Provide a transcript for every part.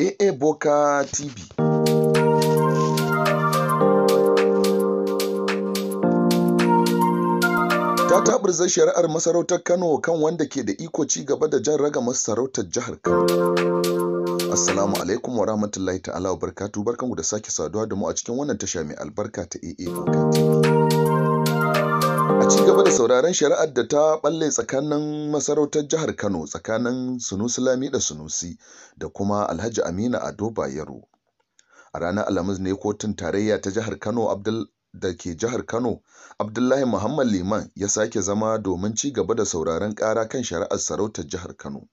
AA Boka TV. Ta taɓurza shari'ar masarautar Kano kan wanda ke da iko ci gaba da jan raga masarautar jihar Kano. Assalamu alaikum wa rahmatullahi ta'ala wa barkatu barkanku da sake saduwa da mu a cikin wannan tasha mai albarka ta AA Boka TV. ci gaba da sauraron shari'ar da ta balle tsakanin masarautar jihar Kano tsakanin Sunusi Lami da Sunusi da kuma Alhaji Aminu Ado Bayero. A ranar Alhamis ne kotun tarayya ta jihar Kano Abdul da ke jihar Kano, Abdullahi Muhammad Liman ya sake zama domin ci gaba da sauraron ƙara kan shari'ar sarautar jihar Kano.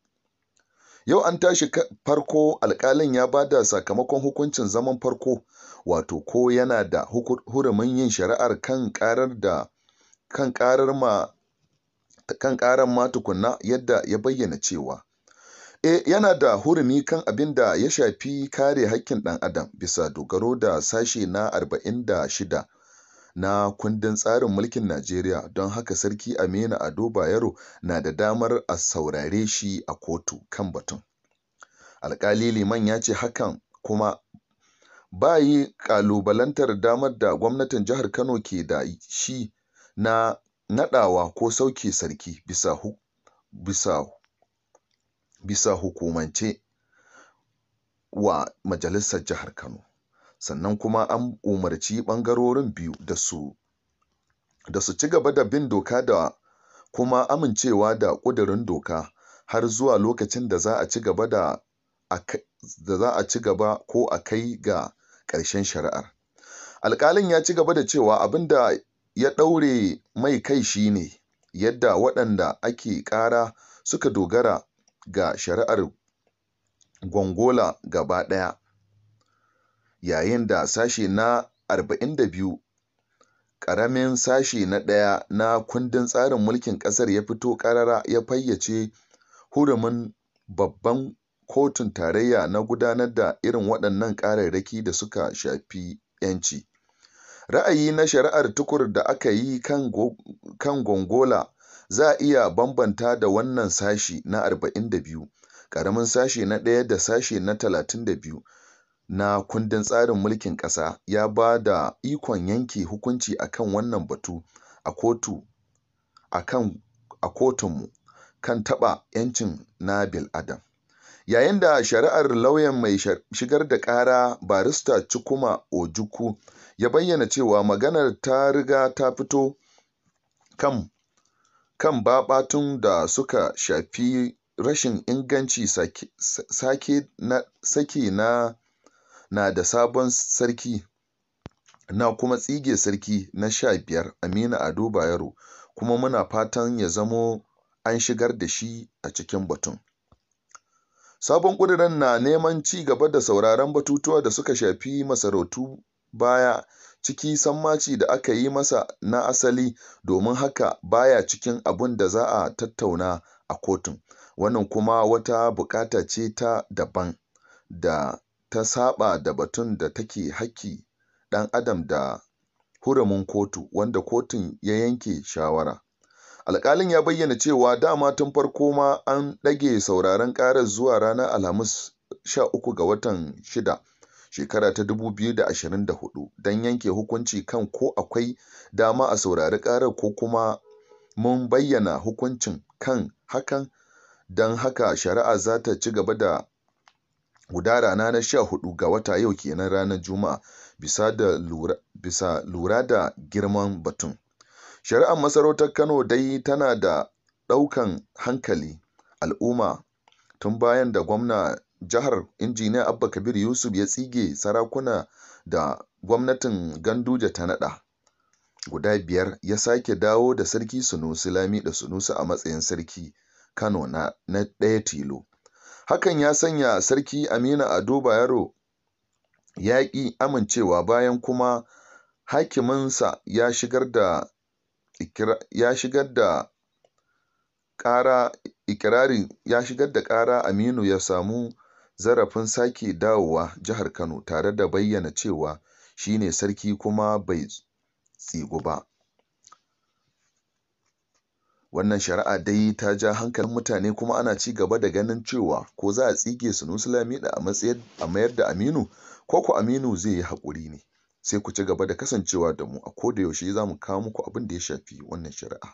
Yau an tashi farko alƙalin ya bada sakamakon hukuncin zaman farko, wato ko yana da hurumin yin shari'ar kan ƙarar da kan ƙarar ma tukunna yadda ya bayyana cewa Eh yana da hurumi kan abin da ya shafi kare haƙƙin ɗan adam bisa dogaro da sashe na 46 na kundin tsarin mulkin Najeriya don haka sarki Amina Ado Bayero na da damar a saurare shi a kotu kan batun. Alƙali Liman ya ce hakan kuma bayi yi ƙalubalantar damar da gwamnatin jihar Kano ke da shi na naɗawa ko sauke sarki bisa bisa bisa hukumance wa majalisar jihar Kano sannan kuma an umarci ɓangarorin biyu da su da su ci gaba da bin doka da kuma amincewa da ƙudurin doka har zuwa lokacin da za a ci gaba da da za a ci gaba ko a kai ga ƙarshen shari'ar. Alƙalin ya ci gaba da cewa abinda ya ɗaure mai kai shi ne yadda waɗanda ake ƙara suka dogara ga shari'ar Gongola gaba ɗaya, yayin da Sashe na 42, ƙaramin Sashe na ɗaya na kundin tsarin mulkin ƙasar ya fito ƙarara ya fayyace hurumin Babban Kotun Tarayya na gudanar da irin waɗannan ƙararraki da suka shafi ‘yanci. Ra'ayi na shari'ar Tukur da aka yi kan Gongola za a iya bambanta da wannan Sashi na 42 (Ƙaramin Sashi na 1 da Sashi na 32) na kundin tsarin mulkin ƙasa ya ba da ikon yanke hukunci a kan wannan batu a kotunmu kan taɓa 'yancin na bil'adam yayin da shari'ar lauyan mai shigar da ƙara Barista cikuma ojuku ya bayyana cewa maganar ta riga ta fito kan kan babatun da suka shafi rashin inganci sake na na da sabon sarki na kuma tsige sarki na sha biyar Aminu Ado Bayero kuma muna fatan ya zamo an shigar da shi a cikin batun. Sabon ƙudirin na neman ci gaba da sauraron batutuwa da suka shafi masarautu baya ciki sammaci da aka yi masa na asali domin haka baya cikin abun da za a tattauna a kotun, wannan kuma wata buƙata ce ta daban da ta saɓa da batun da take haƙƙi ɗan adam da hurumin kotu wanda kotun ya yanke shawara. Alƙalin ya bayyana cewa dama tun farko ma an ɗage sauraron ƙarar zuwa ranar Alhamis, sha uku ga watan shida. shekara ta 2024 don yanke hukunci kan ko akwai dama a saurari ƙarar ko kuma mun bayyana hukuncin kan hakan don haka shari'a za ta ci gaba da guda rana na 14 ga wata yau kenan ranar juma'a bisa lura da girman batun shari'ar masarautar kano dai tana da ɗaukan hankali al'umma tun bayan da gwamna jihar Injiniya Abba Kabir Yusuf ya tsige sarakuna da gwamnatin ganduja ta naɗa. Guda biyar ya sake dawo da Sarki Sunusi da Sunusi a matsayin Sarki Kano na ɗaya tilo. Hakan ya sanya Sarki Aminu Ado Bayero ya ƙi amincewa bayan kuma hakiminsa ya shigar da ƙara Aminu ya samu zarafin sake dawowa jihar Kano tare da bayyana cewa shi ne sarki kuma bai tsigu ba. Wannan shari'a dai ta ja hankalin mutane kuma ana ci gaba da ganin cewa ko za a tsige Sanusi Lamiɗo a mayar da Aminu ko ko Aminu zai yi haƙuri ne. Sai ku ci gaba da kasancewa da mu a yaushe za mu kawo muku abin da ya shafi wannan shari'a.